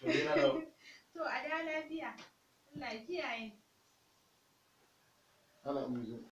To a da lafiya. Allah kiyaye. Allah